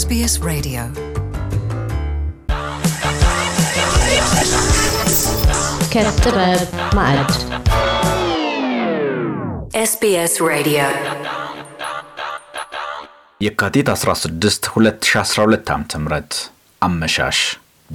SBS Radio. SBS Radio. የካቲት 16 2012 ዓ.ም አመሻሽ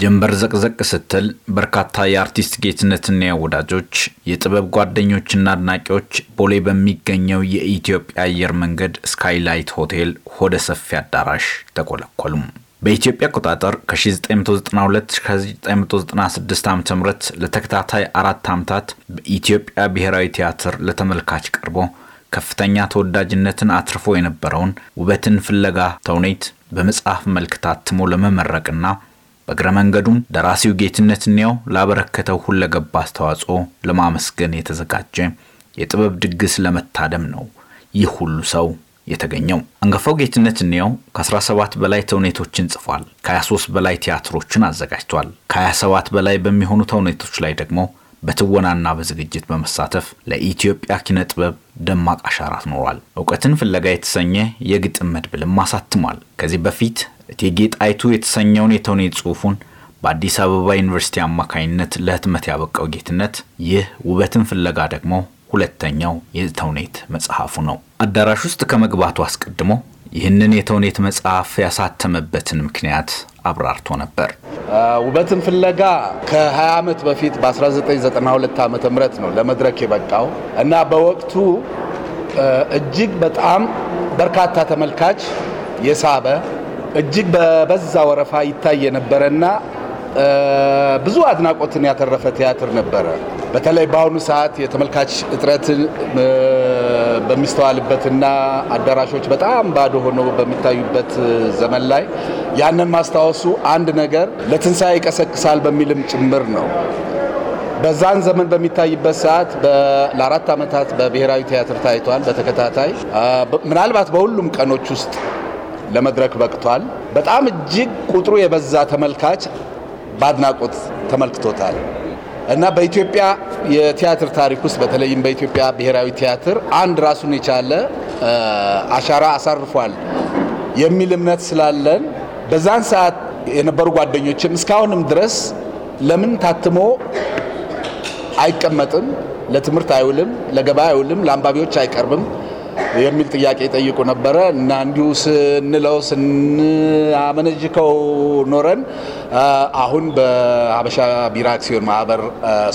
ጀንበር ዘቅዘቅ ስትል በርካታ የአርቲስት ጌትነትና ወዳጆች የጥበብ ጓደኞችና አድናቂዎች ቦሌ በሚገኘው የኢትዮጵያ አየር መንገድ ስካይላይት ሆቴል ሆደ ሰፊ አዳራሽ ተኮለኮሉም። በኢትዮጵያ አቆጣጠር ከ1992 1996 ዓ ም ለተከታታይ አራት ዓመታት በኢትዮጵያ ብሔራዊ ቲያትር ለተመልካች ቀርቦ ከፍተኛ ተወዳጅነትን አትርፎ የነበረውን ውበትን ፍለጋ ተውኔት በመጽሐፍ መልክ ታትሞ ለመመረቅና በእግረ መንገዱም ደራሲው ጌትነት እንያው ላበረከተው ሁለገብ አስተዋጽኦ ለማመስገን የተዘጋጀ የጥበብ ድግስ ለመታደም ነው ይህ ሁሉ ሰው የተገኘው። አንጋፋው ጌትነት እንያው ከ17 በላይ ተውኔቶችን ጽፏል። ከ23 በላይ ቲያትሮችን አዘጋጅቷል። ከ27 በላይ በሚሆኑ ተውኔቶች ላይ ደግሞ በትወናና በዝግጅት በመሳተፍ ለኢትዮጵያ ኪነ ጥበብ ደማቅ አሻራ ኖሯል። እውቀትን ፍለጋ የተሰኘ የግጥም መድብልም አሳትሟል። ከዚህ በፊት እቴጌ ጣይቱ የተሰኘውን የተውኔት ጽሑፉን በአዲስ አበባ ዩኒቨርሲቲ አማካኝነት ለህትመት ያበቃው ጌትነት ይህ ውበትን ፍለጋ ደግሞ ሁለተኛው የተውኔት መጽሐፉ ነው። አዳራሽ ውስጥ ከመግባቱ አስቀድሞ ይህንን የተውኔት መጽሐፍ ያሳተመበትን ምክንያት አብራርቶ ነበር። ውበትን ፍለጋ ከ20 ዓመት በፊት በ1992 ዓ ም ነው ለመድረክ የበቃው እና በወቅቱ እጅግ በጣም በርካታ ተመልካች የሳበ እጅግ በበዛ ወረፋ ይታይ የነበረና ብዙ አድናቆትን ያተረፈ ቲያትር ነበረ። በተለይ በአሁኑ ሰዓት የተመልካች እጥረትን በሚስተዋልበትና አዳራሾች በጣም ባዶ ሆነው በሚታዩበት ዘመን ላይ ያንን ማስታወሱ አንድ ነገር ለትንሣኤ ይቀሰቅሳል በሚልም ጭምር ነው። በዛን ዘመን በሚታይበት ሰዓት ለአራት ዓመታት በብሔራዊ ቲያትር ታይቷል በተከታታይ ምናልባት በሁሉም ቀኖች ውስጥ ለመድረክ በቅቷል። በጣም እጅግ ቁጥሩ የበዛ ተመልካች በአድናቆት ተመልክቶታል እና በኢትዮጵያ የቲያትር ታሪክ ውስጥ በተለይም በኢትዮጵያ ብሔራዊ ቲያትር አንድ ራሱን የቻለ አሻራ አሳርፏል የሚል እምነት ስላለን በዛን ሰዓት የነበሩ ጓደኞችም እስካሁንም ድረስ ለምን ታትሞ አይቀመጥም፣ ለትምህርት አይውልም፣ ለገበያ አይውልም፣ ለአንባቢዎች አይቀርብም የሚል ጥያቄ ጠይቁ ነበረ እና እንዲሁ ስንለው ስናመነጅከው ኖረን አሁን በሀበሻ ቢራ አክሲዮን ማህበር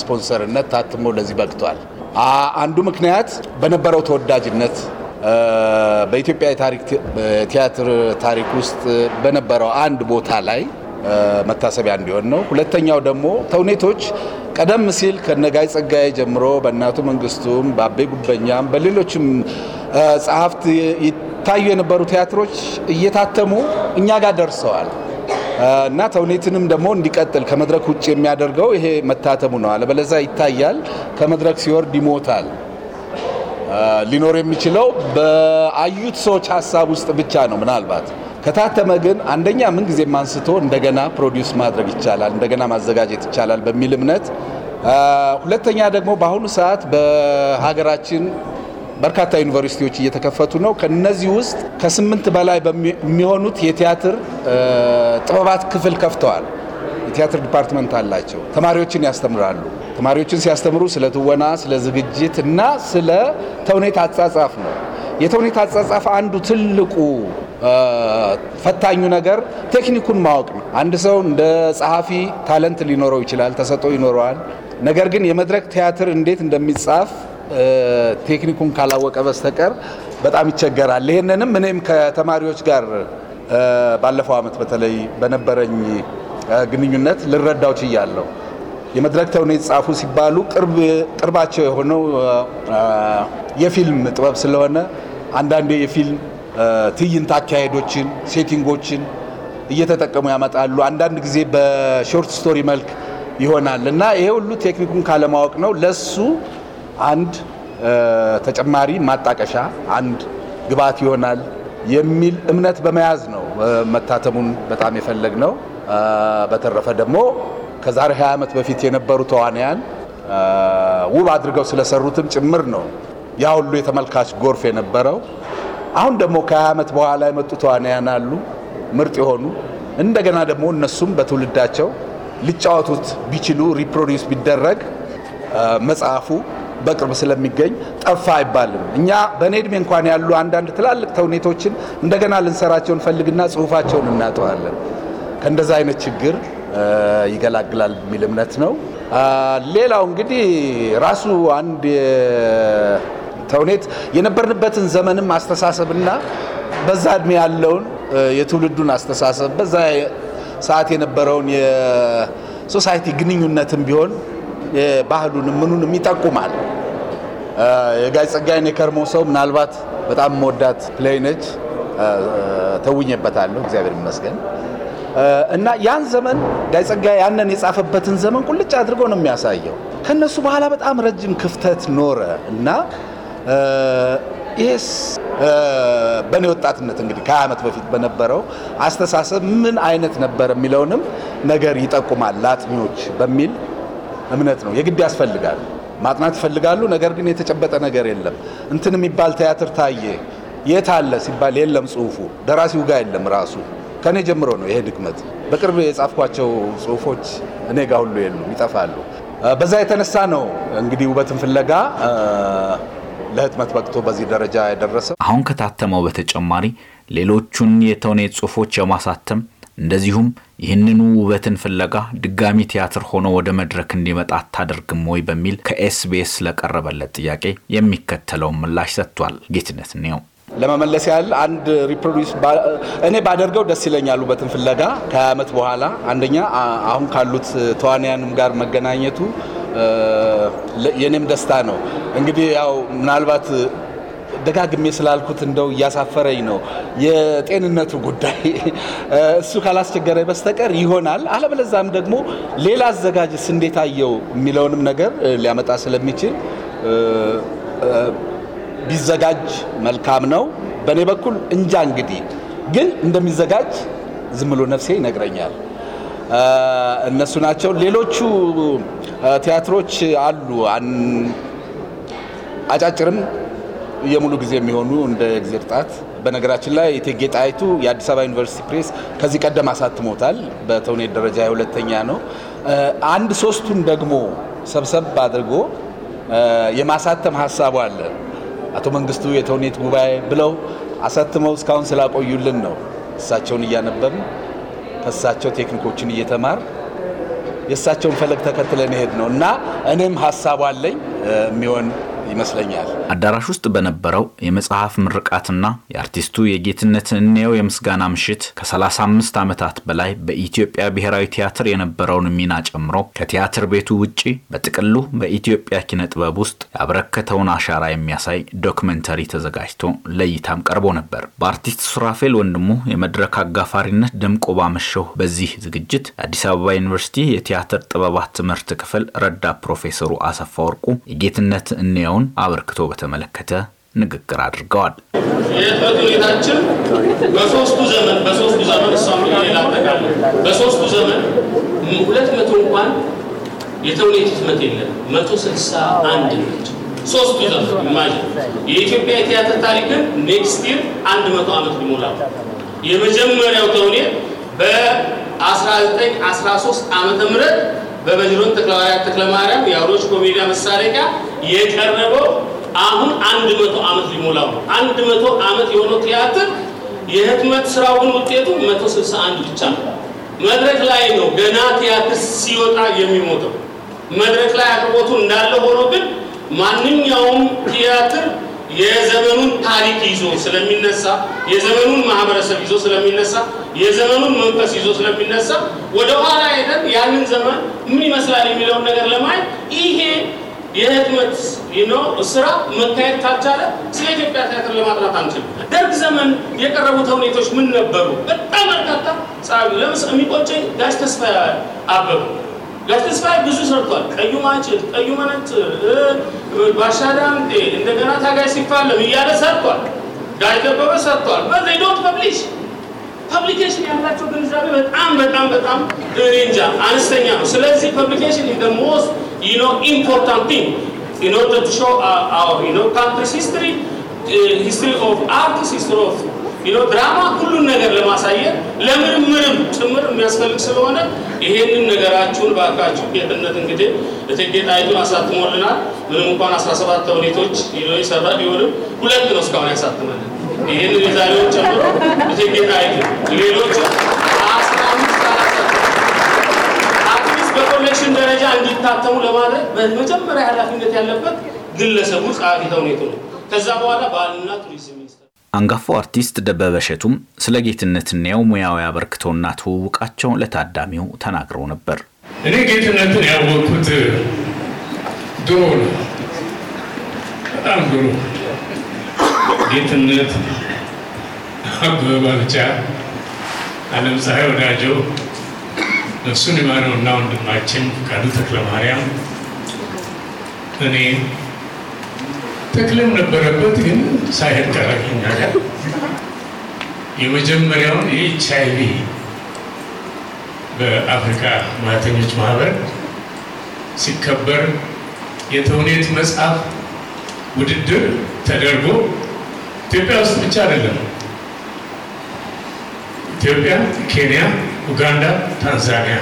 ስፖንሰርነት ታትሞ ለዚህ በቅቷል። አንዱ ምክንያት በነበረው ተወዳጅነት በኢትዮጵያ ቲያትር ታሪክ ውስጥ በነበረው አንድ ቦታ ላይ መታሰቢያ እንዲሆን ነው። ሁለተኛው ደግሞ ተውኔቶች ቀደም ሲል ከነጋይ ጸጋዬ ጀምሮ በእናቱ መንግስቱም፣ በአቤ ጉበኛም፣ በሌሎችም ጸሐፍት ይታዩ የነበሩ ቲያትሮች እየታተሙ እኛ ጋር ደርሰዋል እና ተውኔትንም ደግሞ እንዲቀጥል ከመድረክ ውጭ የሚያደርገው ይሄ መታተሙ ነው። አለበለዚያ ይታያል፣ ከመድረክ ሲወርድ ይሞታል። ሊኖር የሚችለው በአዩት ሰዎች ሀሳብ ውስጥ ብቻ ነው። ምናልባት ከታተመ ግን አንደኛ ምንጊዜም አንስቶ እንደገና ፕሮዲውስ ማድረግ ይቻላል፣ እንደገና ማዘጋጀት ይቻላል በሚል እምነት ሁለተኛ ደግሞ በአሁኑ ሰዓት በሀገራችን በርካታ ዩኒቨርሲቲዎች እየተከፈቱ ነው። ከነዚህ ውስጥ ከስምንት በላይ የሚሆኑት የቲያትር ጥበባት ክፍል ከፍተዋል። የቲያትር ዲፓርትመንት አላቸው። ተማሪዎችን ያስተምራሉ። ተማሪዎችን ሲያስተምሩ ስለ ትወና፣ ስለ ዝግጅት እና ስለ ተውኔት አጻጻፍ ነው። የተውኔት አጻጻፍ አንዱ ትልቁ ፈታኙ ነገር ቴክኒኩን ማወቅ ነው። አንድ ሰው እንደ ጸሐፊ ታለንት ሊኖረው ይችላል፣ ተሰጥኦ ይኖረዋል። ነገር ግን የመድረክ ቲያትር እንዴት እንደሚጻፍ ቴክኒኩን ካላወቀ በስተቀር በጣም ይቸገራል። ይህንንም እኔም ከተማሪዎች ጋር ባለፈው ዓመት በተለይ በነበረኝ ግንኙነት ልረዳው ችያለሁ። የመድረክ ተውኔት ጻፉ ሲባሉ ቅርባቸው የሆነው የፊልም ጥበብ ስለሆነ አንዳንዴ የፊልም ትዕይንት አካሄዶችን፣ ሴቲንጎችን እየተጠቀሙ ያመጣሉ። አንዳንድ ጊዜ በሾርት ስቶሪ መልክ ይሆናል እና ይሄ ሁሉ ቴክኒኩን ካለማወቅ ነው ለሱ አንድ ተጨማሪ ማጣቀሻ አንድ ግብዓት ይሆናል የሚል እምነት በመያዝ ነው መታተሙን በጣም የፈለግ ነው። በተረፈ ደግሞ ከዛሬ 20 ዓመት በፊት የነበሩ ተዋንያን ውብ አድርገው ስለሰሩትም ጭምር ነው ያ ሁሉ የተመልካች ጎርፍ የነበረው። አሁን ደግሞ ከ20 ዓመት በኋላ የመጡ ተዋንያን አሉ ምርጥ የሆኑ እንደገና ደግሞ እነሱም በትውልዳቸው ሊጫወቱት ቢችሉ ሪፕሮዲስ ቢደረግ መጽሐፉ በቅርብ ስለሚገኝ ጠፋ አይባልም። እኛ በእኔ እድሜ እንኳን ያሉ አንዳንድ ትላልቅ ተውኔቶችን እንደገና ልንሰራቸውን ፈልግና ጽሁፋቸውን እናጠዋለን። ከእንደዚ አይነት ችግር ይገላግላል የሚል እምነት ነው። ሌላው እንግዲህ ራሱ አንድ ተውኔት የነበርንበትን ዘመንም አስተሳሰብና በዛ እድሜ ያለውን የትውልዱን አስተሳሰብ በዛ ሰዓት የነበረውን የሶሳይቲ ግንኙነትም ቢሆን ባህሉን ምኑንም ይጠቁማል። የጋሽ ጸጋዬን የከርሞ ሰው ምናልባት በጣም መወዳት ፕሌይ ነች። ተውኜበታለሁ እግዚአብሔር ይመስገን። እና ያን ዘመን ጋይ ጸጋዬ ያንን የጻፈበትን ዘመን ቁልጭ አድርጎ ነው የሚያሳየው። ከነሱ በኋላ በጣም ረጅም ክፍተት ኖረ እና ይሄስ በእኔ ወጣትነት እንግዲህ ከሀያ ዓመት በፊት በነበረው አስተሳሰብ ምን አይነት ነበር የሚለውንም ነገር ይጠቁማል ለአጥኚዎች በሚል እምነት ነው። የግድ ያስፈልጋል። ማጥናት ይፈልጋሉ። ነገር ግን የተጨበጠ ነገር የለም። እንትን የሚባል ቲያትር ታየ የት አለ ሲባል የለም፣ ጽሁፉ ደራሲው ጋር የለም። ራሱ ከኔ ጀምሮ ነው ይሄ ድክመት። በቅርብ የጻፍኳቸው ጽሁፎች እኔ ጋር ሁሉ የሉም፣ ይጠፋሉ። በዛ የተነሳ ነው እንግዲህ ውበትን ፍለጋ ለህትመት በቅቶ በዚህ ደረጃ የደረሰ። አሁን ከታተመው በተጨማሪ ሌሎቹን የተውኔት ጽሁፎች የማሳተም እንደዚሁም ይህንኑ ውበትን ፍለጋ ድጋሚ ቲያትር ሆኖ ወደ መድረክ እንዲመጣ አታደርግም ወይ በሚል ከኤስቢኤስ ለቀረበለት ጥያቄ የሚከተለውን ምላሽ ሰጥቷል። ጌትነት ነው ለመመለስ ያህል አንድ ሪፕሮዲስ እኔ ባደርገው ደስ ይለኛል። ውበትን ፍለጋ ከሀያ ዓመት በኋላ አንደኛ አሁን ካሉት ተዋንያንም ጋር መገናኘቱ የኔም ደስታ ነው። እንግዲህ ያው ምናልባት ደጋግሜ ስላልኩት እንደው እያሳፈረኝ ነው የጤንነቱ ጉዳይ። እሱ ካላስቸገረ በስተቀር ይሆናል። አለበለዚያም ደግሞ ሌላ አዘጋጅስ እንዴት አየው የሚለውንም ነገር ሊያመጣ ስለሚችል ቢዘጋጅ መልካም ነው። በእኔ በኩል እንጃ እንግዲህ ግን እንደሚዘጋጅ ዝም ብሎ ነፍሴ ይነግረኛል። እነሱ ናቸው። ሌሎቹ ቲያትሮች አሉ አጫጭርም የሙሉ ጊዜ የሚሆኑ እንደ እግዜር ጣት። በነገራችን ላይ እቴጌ ጣይቱ የአዲስ አበባ ዩኒቨርሲቲ ፕሬስ ከዚህ ቀደም አሳትሞታል። በተውኔት ደረጃ የሁለተኛ ነው። አንድ ሶስቱን ደግሞ ሰብሰብ አድርጎ የማሳተም ሀሳቡ አለ። አቶ መንግስቱ የተውኔት ጉባኤ ብለው አሳትመው እስካሁን ስላቆዩልን ነው። እሳቸውን እያነበብን ከእሳቸው ቴክኒኮችን እየተማር የእሳቸውን ፈለግ ተከትለን ይሄድ ነው እና እኔም ሀሳቡ አለኝ የሚሆን ይመስለኛል። አዳራሽ ውስጥ በነበረው የመጽሐፍ ምርቃትና የአርቲስቱ የጌትነት እንየው የምስጋና ምሽት ከ35 ዓመታት በላይ በኢትዮጵያ ብሔራዊ ቲያትር የነበረውን ሚና ጨምሮ ከቲያትር ቤቱ ውጪ በጥቅሉ በኢትዮጵያ ኪነ ጥበብ ውስጥ ያበረከተውን አሻራ የሚያሳይ ዶክመንተሪ ተዘጋጅቶ ለእይታም ቀርቦ ነበር። በአርቲስት ሱራፌል ወንድሙ የመድረክ አጋፋሪነት ደምቆ ባመሸው በዚህ ዝግጅት የአዲስ አበባ ዩኒቨርሲቲ የቲያትር ጥበባት ትምህርት ክፍል ረዳት ፕሮፌሰሩ አሰፋ ወርቁ የጌትነት እንየው ያለውን አበርክቶ በተመለከተ ንግግር አድርገዋል። የፈቱሌታችን በሶስቱ ዘመን በሶስቱ ዘመን እሷ ሌላ አጠቃላይ በሶስቱ ዘመን ሁለት መቶ እንኳን የተውኔት ህትመት የለም። መቶ ስልሳ አንድ ነች። ሶስቱ ዘመን ማ የኢትዮጵያ የቲያትር ታሪክን ኔክስት ይር አንድ መቶ ዓመት ሊሞላ የመጀመሪያው ተውኔት በ1913 ዓመተ ምህረት በበጅሮን ተክለሐዋርያት ተክለ ማርያም የአውሮች ኮሜዲያ መሳለቂያ የቀረበው አሁን አንድ መቶ ዓመት ሊሞላው አንድ መቶ ዓመት የሆነው ቲያትር የህትመት ስራውን ውጤቱ መቶ ስልሳ አንድ ብቻ ነው። መድረክ ላይ ነው ገና ቲያትር ሲወጣ የሚሞተው። መድረክ ላይ አቅርቦቱ እንዳለ ሆኖ ግን ማንኛውም ቲያትር የዘመኑን ታሪክ ይዞ ስለሚነሳ የዘመኑን ማህበረሰብ ይዞ ስለሚነሳ የዘመኑን መንፈስ ይዞ ስለሚነሳ ወደኋላ ሄደን ያንን ዘመን ምን ይመስላል የሚለውን ነገር ለማየት ይሄ የህትመት ስራ መታየት ካልቻለ ስለ ኢትዮጵያ ቲያትር ለማጥናት አንችልም። ደርግ ዘመን የቀረቡት ተውኔቶች ምን ነበሩ? በጣም በርካታ ጸሐፊ ለምስ የሚቆጭ ጋሽ ተስፋ አበቡ። ጋሽ ተስፋ ብዙ ሰርቷል። ቀዩ ማጭድ፣ ቀዩ መነጽር፣ ባሻ እንደገና ታጋይ ሲፋለም እያለ ሰርቷል። ጋሽ ደበበ ሰርቷል። በዘይ ዶንት ፐብሊሽ ፐብሊኬሽን ያላቸው ግንዛቤ በጣም በጣም በጣም እንጃ አነስተኛ ነው። ስለዚህ ፐብሊኬሽን ኢዝ ዘ ሞስት ዩ ኖ ኢምፖርታንት ቲንግ ኢን ኦርደር ቱ ሾው አወር ዩ ኖ ካንትሪስ ሂስትሪ ሂስትሪ ኦፍ አርትስ ሂስትሪ ኦፍ ዩ ኖ ድራማ ሁሉን ነገር ለማሳየት ለምርምርም ጭምር የሚያስፈልግ ስለሆነ ይሄንን ነገራችሁን ባካችሁ ጌጥነት እንግዲህ እቴጌ ጣይቱ አሳትሞልናል። ምንም እንኳን 17 ተውኔቶች ይሰራ ቢሆንም ሁለት ነው እስካሁን ያሳትመልን ይህን የዛሬውን ጨምሮ እቴጌ ሌሎች አትሊስት በኮሌክሽን ደረጃ እንዲታተሙ ለማድረግ በመጀመሪያ ኃላፊነት ያለበት ግለሰቡ ጸሐፊ ተውኔቱ ነው። ከዛ በኋላ ባህልና ቱሪዝም አንጋፋው አርቲስት ደበበ እሸቱም ስለ ጌትነት እንያው ሙያዊ አበርክቶና ትውውቃቸው ለታዳሚው ተናግረው ነበር። እኔ ጌትነትን ያወቅኩት ድሮ ነው፣ በጣም ድሮ ጌትነት አበበ ባልቻ፣ አለም ፀሐይ ወዳጆ፣ ነፍሱን ይማረው እና ወንድማችን ፈቃዱ ተክለ ማርያም እኔ ተክለም ነበረበት ግን ሳይሄድ ቀረኛ የመጀመሪያውን የኤች አይ ቪ በአፍሪካ ማህተኞች ማህበር ሲከበር የተውኔት መጽሐፍ ውድድር ተደርጎ ኢትዮጵያ ውስጥ ብቻ አይደለም። ኢትዮጵያ፣ ኬንያ፣ ኡጋንዳ፣ ታንዛኒያ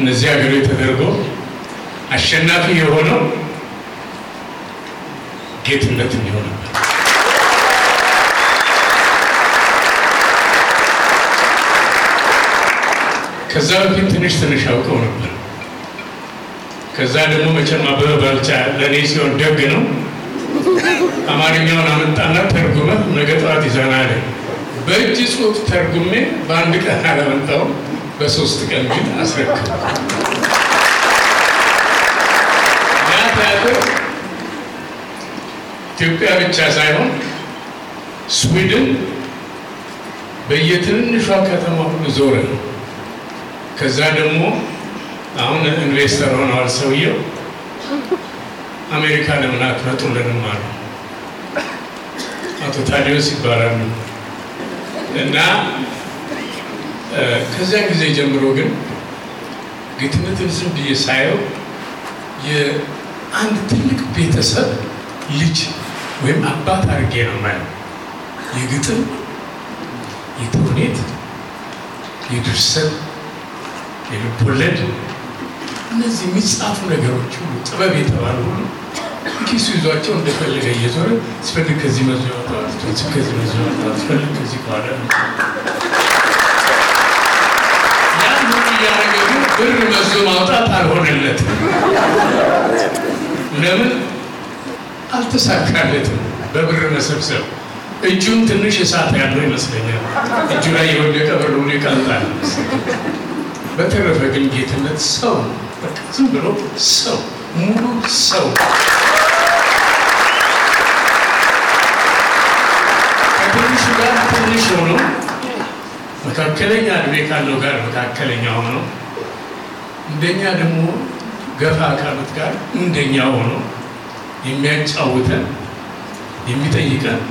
እነዚህ ሀገሮች ተደርጎ አሸናፊ የሆነው ጌትነት እንዲሆንበት ከዛ በፊት ትንሽ ትንሽ አውቀው ነበር። ከዛ ደግሞ መቼም አበበ ባልቻ ለእኔ ሲሆን ደግ ነው አማርኛውን አመጣና ተርጉመ ነገ ጠዋት በእጅ ጽሑፍ ተርጉሜ በአንድ ቀን አላመጣውም፣ በሶስት ቀን ግን አስረክብ። ያ ቲያትር ኢትዮጵያ ብቻ ሳይሆን ስዊድን በየትንንሿ ከተማ ሁሉ ዞረ። ከዛ ደግሞ አሁን ኢንቨስተር ሆነዋል ሰውየው። አሜሪካ ለምን አትመጡልንም አሉ። አቶ ታዲዮስ ይባላሉ እና ከዚያ ጊዜ ጀምሮ ግን ግትምትን ዝም ብዬ ሳየው የአንድ ትልቅ ቤተሰብ ልጅ ወይም አባት አድርጌ ነው የማየው። የግጥም፣ የተውኔት፣ የድርሰት፣ የልቦለድ እነዚህ የሚጻፉ ነገሮች ሁሉ ጥበብ የተባሉ ሁሉ ኪሱ ይዟቸው እንደፈለገ እየዞረ ስፈልግ ከዚህ መዞ ከዚህ መዞ ስፈልግ ከዚህ ያን ሁሉ እያደረገ ግን ብር መዞ ማውጣት አልሆነለትም። ለምን አልተሳካለትም? በብር መሰብሰብ እጁም ትንሽ እሳት ያለው ይመስለኛል። እጁ ላይ የወደቀ ብር ሁሉ ይቀልጣል። በተረፈ ግን ጌትነት ሰው ዝም ብሎ ሰው ሙሉ ሰው ትንሽ ሆኖ መካከለኛ እድሜ ካለው ጋር መካከለኛ ሆኖ እንደኛ ደግሞ ገፋ ካሉት ጋር እንደኛ ሆኖ የሚያጫውተን የሚጠይቀን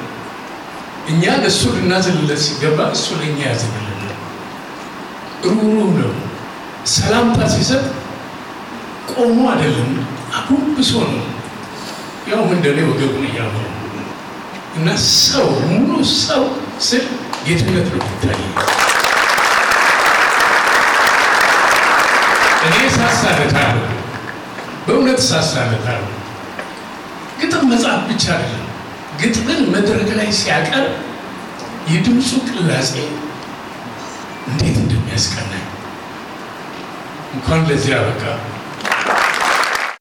እኛ ለእሱ ልናዝንለት ሲገባ እሱ ለእኛ ያዝንልናል። ሩሩህ ነው። ሰላምታ ሲሰጥ ቆሞ አይደለም አጎንብሶ ነው። ያው እንደኔ ወገቡን እያወሩ እና ሰው ሙሉ ሰው ስል ጌትነት ነው የሚታይ እኔ ሳሳለታለሁ፣ በእውነት ሳሳለታለሁ። ግጥም መጽሐፍ ብቻ አይደለም። ግጥምን መድረክ ላይ ሲያቀርብ የድምፁ ቅላጼ እንዴት እንደሚያስቀናኝ እንኳን ለዚያ በቃ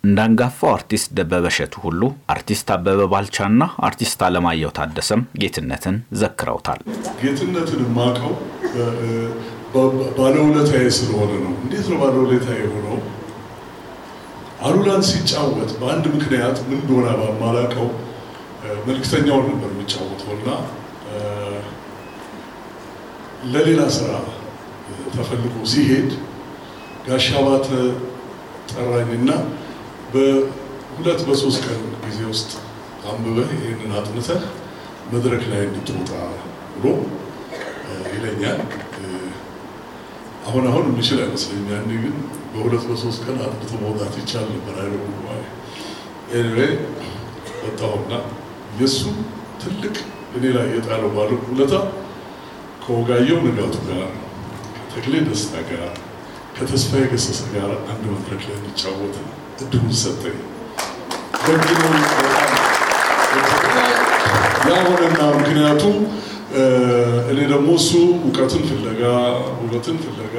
እንደ አንጋፋው አርቲስት ደበበ እሸቱ ሁሉ አርቲስት አበበ ባልቻና አርቲስት አለማየሁ ታደሰም ጌትነትን ዘክረውታል። ጌትነትን የማውቀው ባለውለታዬ ስለሆነ ነው። እንዴት ነው ባለውለታዬ የሆነው? አሉላን ሲጫወት በአንድ ምክንያት ምን እንደሆነ ባማላቀው መልክተኛውን ነበር የሚጫወተው እና ለሌላ ስራ ተፈልጎ ሲሄድ ጋሻ ጠራኝና በሁለት በሶስት ቀን ጊዜ ውስጥ አንብበህ ይህንን አጥንተህ መድረክ ላይ እንድትወጣ ብሎ ይለኛል። አሁን አሁን የሚችል አይመስለኝ። ያን ግን በሁለት በሶስት ቀን አጥንቶ መውጣት ይቻል ነበር። አይደሉ ኤኒዌይ ወጣሁና የእሱ ትልቅ እኔ ላይ የጣለው ባለ ሁለታ ከወጋየሁ ንጋቱ ጋር ከተክሌ ደስታ ጋር ከተስፋዬ ገሰሰ ጋር አንድ መድረክ ላይ እንጫወት ነው እድሉን ሰጠኝ። በግሉ ያሆነና ምክንያቱም እኔ ደግሞ እሱ እውቀትን ፍለጋ ውበትን ፍለጋ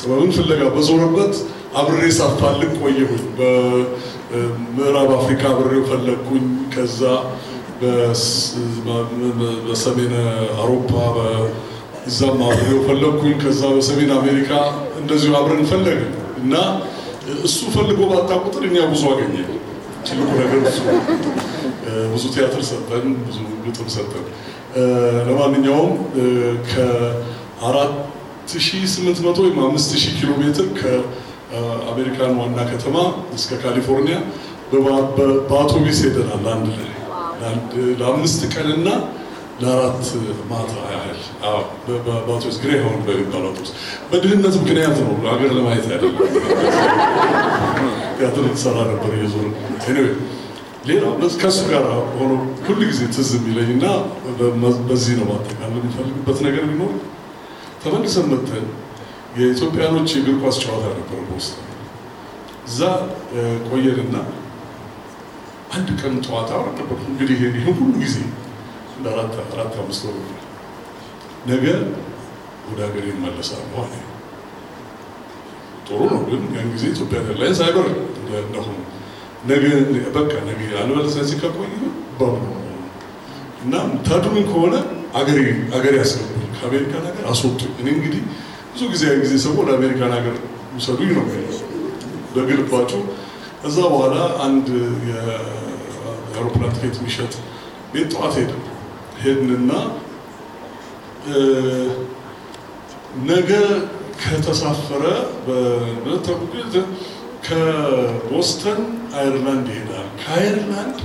ጥበብን ፍለጋ በዞረበት አብሬ ሳፋልቅ ቆየሁኝ። በምዕራብ አፍሪካ አብሬው ፈለግኩኝ። ከዛ በሰሜን አውሮፓ እዛም አብሬው ፈለግኩኝ። ከዛ በሰሜን አሜሪካ እንደዚሁ አብረን ፈለግን እና እሱ ፈልጎ ባጣ ቁጥር እኛ ብዙ አገኘ። ትልቁ ነገር እሱ ብዙ ቲያትር ሰጠን፣ ብዙ ግጥም ሰጠን። ለማንኛውም ከአራት ሺህ ስምንት መቶ ወይም አምስት ሺህ ኪሎ ሜትር ከአሜሪካን ዋና ከተማ እስከ ካሊፎርኒያ በአውቶቡስ ሄደናል አንድ ላይ ለአምስት ቀንና ለአራት ማታ ያህል በአባቶች ግሬ ሆን በሚባል አውቶቡስ በድህነት ምክንያት ነው ሀገር ለማየት ያደለ ያትን ሰራ ነበር እየዞር ኔ ሌላ ከእሱ ጋር ሆኖ ሁል ጊዜ ትዝ የሚለኝ እና በዚህ ነው ማጠቃለል የሚፈልግበት ነገር ቢኖር ተመልሰን መተን የኢትዮጵያኖች የእግር ኳስ ጨዋታ ነበር በውስጥ እዛ ቆየንና አንድ ቀን ጠዋታ ነበር እንግዲህ ይህ ሁሉ ጊዜ ለአራት አራት አምስት ወር ነገ ወደ ሀገር ይመለሳለሁ አለ። ጥሩ ነው ግን ያን ጊዜ ኢትዮጵያ ኤርላይንስ አይበር እንደሆነ ነገ በቃ ነገ አልመለሰን ሲከቆይ በሙሉ እና ታድሩ ከሆነ አገሬ አገሬ ያስገቡኝ ከአሜሪካን ሀገር አስወጡኝ። እኔ እንግዲህ ብዙ ጊዜ ያን ጊዜ ሰው ወደ አሜሪካን ሀገር ውሰዱኝ ነው በግልባቸው። ከዛ በኋላ አንድ የአውሮፕላን ትኬት የሚሸጥ ቤት ጠዋት ሄደ ሄድንና ነገ ከተሳፈረ ከቦስተን አይርላንድ ይሄዳል፣ ከአይርላንድ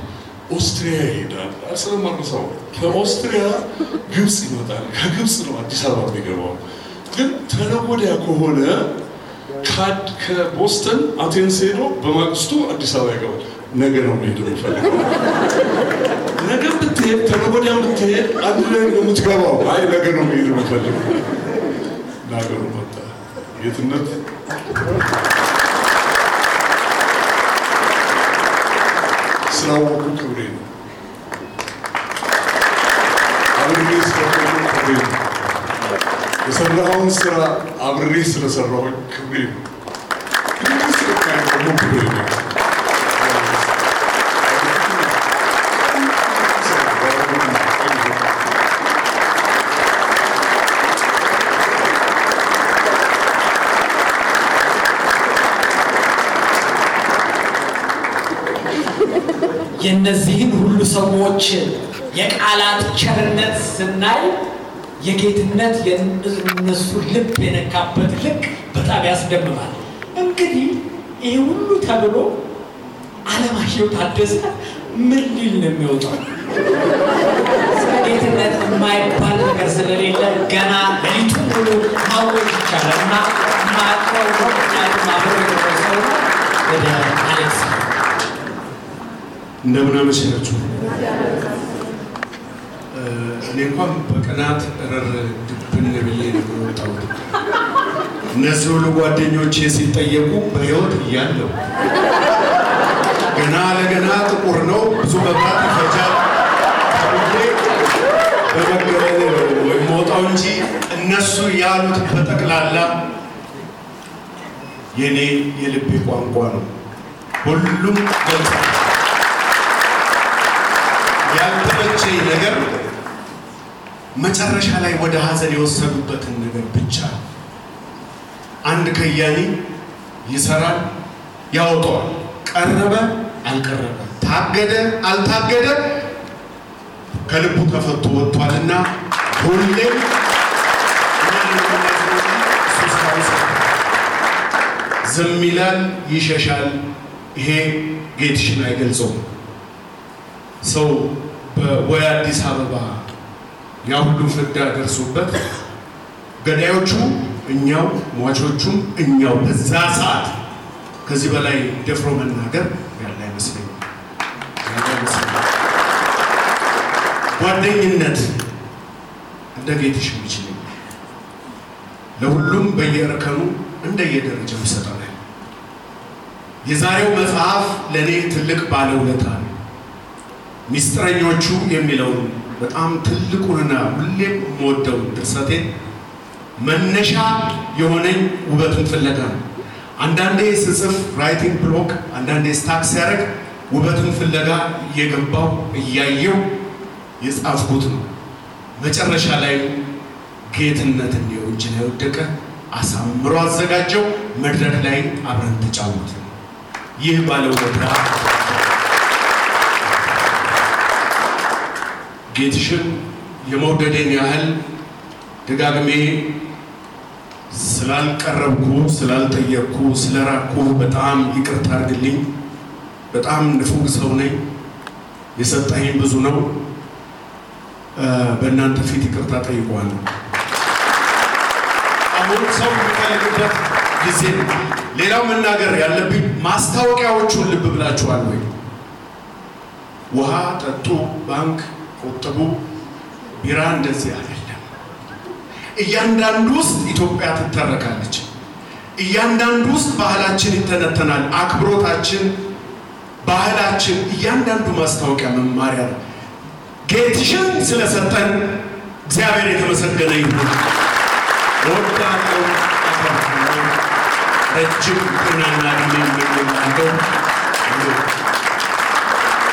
ኦስትሪያ ይሄዳል። አስረማርሰው ከኦስትሪያ ግብፅ ይመጣል። ከግብፅ ነው አዲስ አበባ የሚገባው። ግን ተለወዲያ ከሆነ ከቦስተን አቴንስ ሄዶ በማግስቱ አዲስ አበባ ይገባል። ነገ ነው መሄድ የሚፈልገው ነገ ብትሄድ ከነገ ወዲያ ብትሄድ አንድ ላይ ነው የምትገባው። አይ ነገ ነው መሄድ የምፈልገው። ለሀገሩ መጣ የትነት ስላወቁ ክብሬ ነው አብሬ ስለሆኑ ክብሬ ነው የሰራኸውን ስራ አብሬ ስለሰራሁኝ ክብሬ ነው ክብሬ ነው የእነዚህን ሁሉ ሰዎች የቃላት ቸርነት ስናይ የጌትነት የእነሱ ልብ የነካበት ልክ በጣም ያስደምማል። እንግዲህ ይህ ሁሉ ተብሎ አለማየሁ ታደሰ ምን ሊል ነው የሚወጣው? ስለ ጌትነት የማይባል ነገር ስለሌለ ገና ሊቱ ሙሉ ማወቅ ይቻላል እና ማቀው ማድረግ ሰው ወደ አሌክስ እንደምን አመሰላችሁ። እኔ እንኳን በቅናት ረር ድብን ብዬ ነው እነዚህ ሁሉ ጓደኞቼ ሲጠየቁ እያለሁ ገና ለገና ጥቁር ነው ብዙ መብራት ይፈጃል በመገለል ወይም እንጂ እነሱ ያሉት በጠቅላላ የኔ የልቤ ቋንቋ ነው። ሁሉም ገልጻል። ያልተመቸኝ ነገር መጨረሻ ላይ ወደ ሀዘን የወሰዱበትን ነገር ብቻ። አንድ ከያኒ ይሰራል፣ ያወጣዋል። ቀረበ አልቀረበ፣ ታገደ አልታገደ፣ ከልቡ ተፈቶ ወጥቷልና ሁሌም ዝም ይላል፣ ይሸሻል። ይሄ ጌትሽን አይገልጸውም። ሰው ወይ አዲስ አበባ ያ ሁሉ ፍዳ ደርሶበት ገዳዮቹ እኛው ሟቾቹም እኛው በዛ ሰዓት ከዚህ በላይ ደፍሮ መናገር ያለ አይመስለኝም። ጓደኝነት እንደ ቤትሽ የሚችል ለሁሉም በየእርከኑ እንደየደረጃው ይሰጠናል። የዛሬው መጽሐፍ ለእኔ ትልቅ ባለውለታ ሚስጥረኞቹ የሚለውን በጣም ትልቁንና ሁሌም የምወደው ድርሰቴ መነሻ የሆነኝ ውበትን ፍለጋ ነው። አንዳንዴ ስጽፍ ራይቲንግ ብሎክ፣ አንዳንዴ ስታክ ሲያደርግ ውበትን ፍለጋ እየገባው እያየው የጻፍኩት ነው። መጨረሻ ላይ ጌትነት እንዲው እጅ ላይ ወደቀ፣ አሳምሮ አዘጋጀው፣ መድረክ ላይ አብረን ተጫወት። ይህ ወድራ ጌትሽን የመውደዴን ያህል ደጋግሜ ስላልቀረብኩ፣ ስላልጠየቅኩ፣ ስለራኩ በጣም ይቅርታ አድርግልኝ። በጣም ንፉግ ሰው ነኝ። የሰጠኝ ብዙ ነው። በእናንተ ፊት ይቅርታ ጠይቋል። አሁን ሰው የሚፈልግበት ጊዜ ነው። ሌላው መናገር ያለብኝ ማስታወቂያዎቹን ልብ ብላችኋል ወይ? ውሃ ጠጡ፣ ባንክ ቁጥቡ ቢራ እንደዚህ አይደለም። እያንዳንዱ ውስጥ ኢትዮጵያ ትተረካለች። እያንዳንዱ ውስጥ ባህላችን ይተነተናል። አክብሮታችን፣ ባህላችን እያንዳንዱ ማስታወቂያ መማሪያ ነው። ጌትሽን ስለሰጠን እግዚአብሔር የተመሰገነ ይሁን። ወዳለው ረጅም ጤናና ዕድሜ የምንመኘው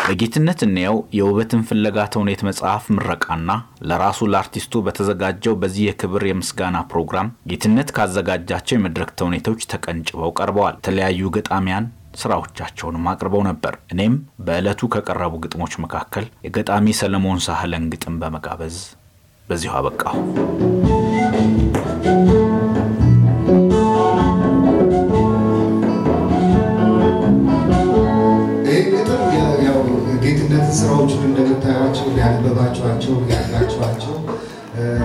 በጌትነት እንየው የውበትን ፍለጋ ተውኔት መጽሐፍ ምረቃና ለራሱ ለአርቲስቱ በተዘጋጀው በዚህ የክብር የምስጋና ፕሮግራም ጌትነት ካዘጋጃቸው የመድረክ ተውኔቶች ተቀንጭበው ቀርበዋል። የተለያዩ ገጣሚያን ስራዎቻቸውንም አቅርበው ነበር። እኔም በዕለቱ ከቀረቡ ግጥሞች መካከል የገጣሚ ሰለሞን ሳህለን ግጥም በመጋበዝ በዚሁ አበቃሁ። ያነበባችኋቸው ያላችኋቸው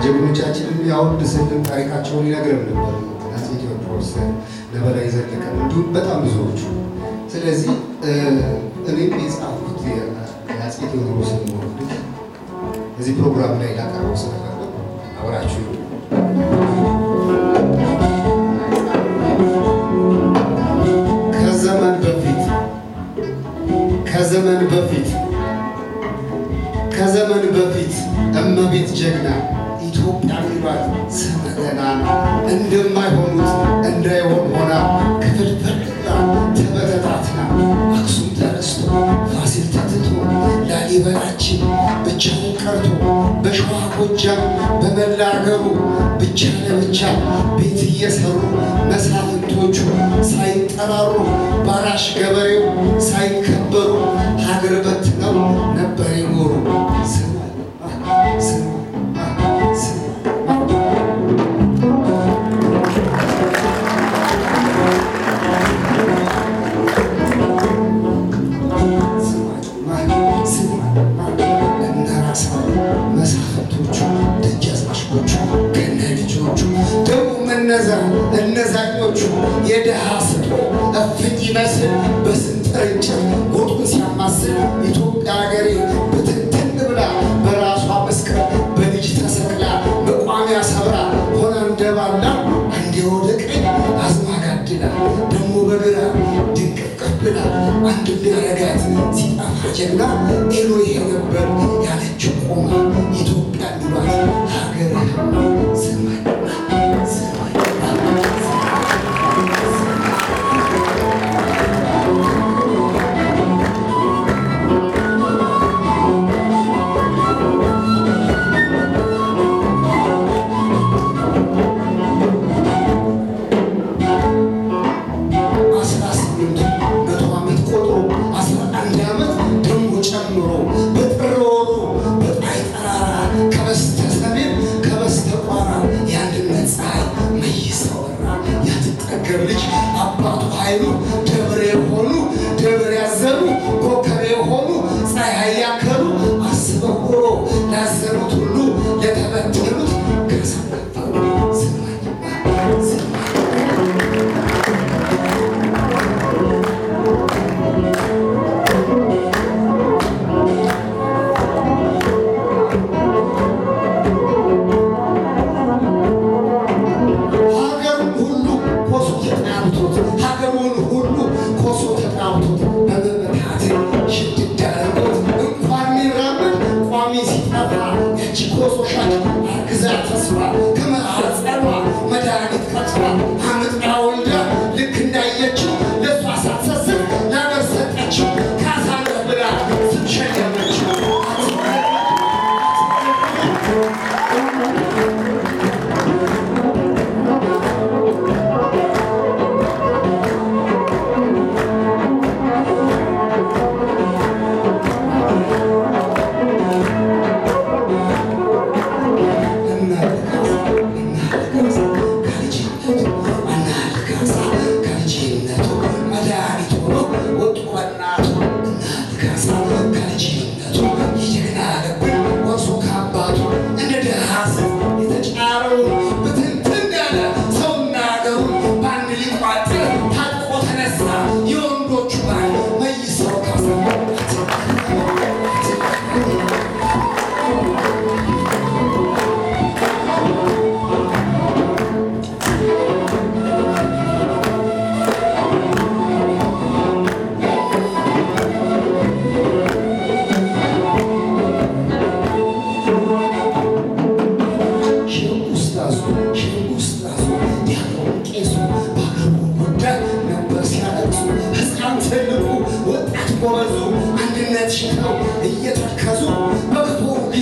ጀግኖቻችንም ያወድስልን ታሪካቸውን ይነግረን ነበር። አፄ ቴዎድሮስ፣ ነበላይ ዘለቀ እንዲሁም በጣም ብዙዎቹ። ስለዚህ እኔም የጻፍኩት የአፄ ቴዎድሮስን ወርዱት እዚህ ፕሮግራም ላይ ላቀረበው ስለነበረ አብራችሁ ከዘመን በፊት ከዘመን በፊት ጀግና ኢትዮጵያ ሚሏት ስመገና እንደማይሆኑት እንዳይሆን ሆና ክፍልፍርና ተበተታትና አክሱም ተረስቶ ፋሲል ተትቶ ላሊበላችን ብቻውን ቀርቶ በሸዋ ጎጃም በመላ አገሩ ብቻ ለብቻ ቤት እየሰሩ መሳፍንቶቹ ሳይጠራሩ ባራሽ ገበሬው ሳይከ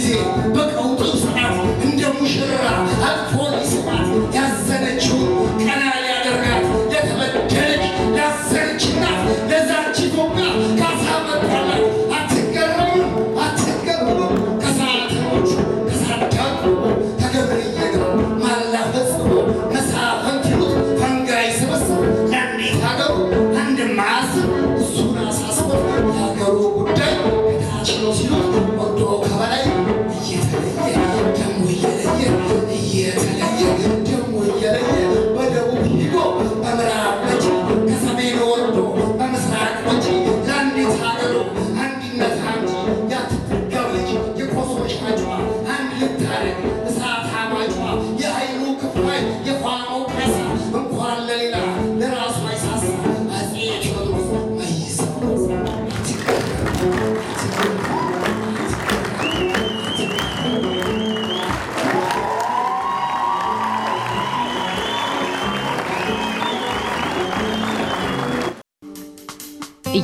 Easy.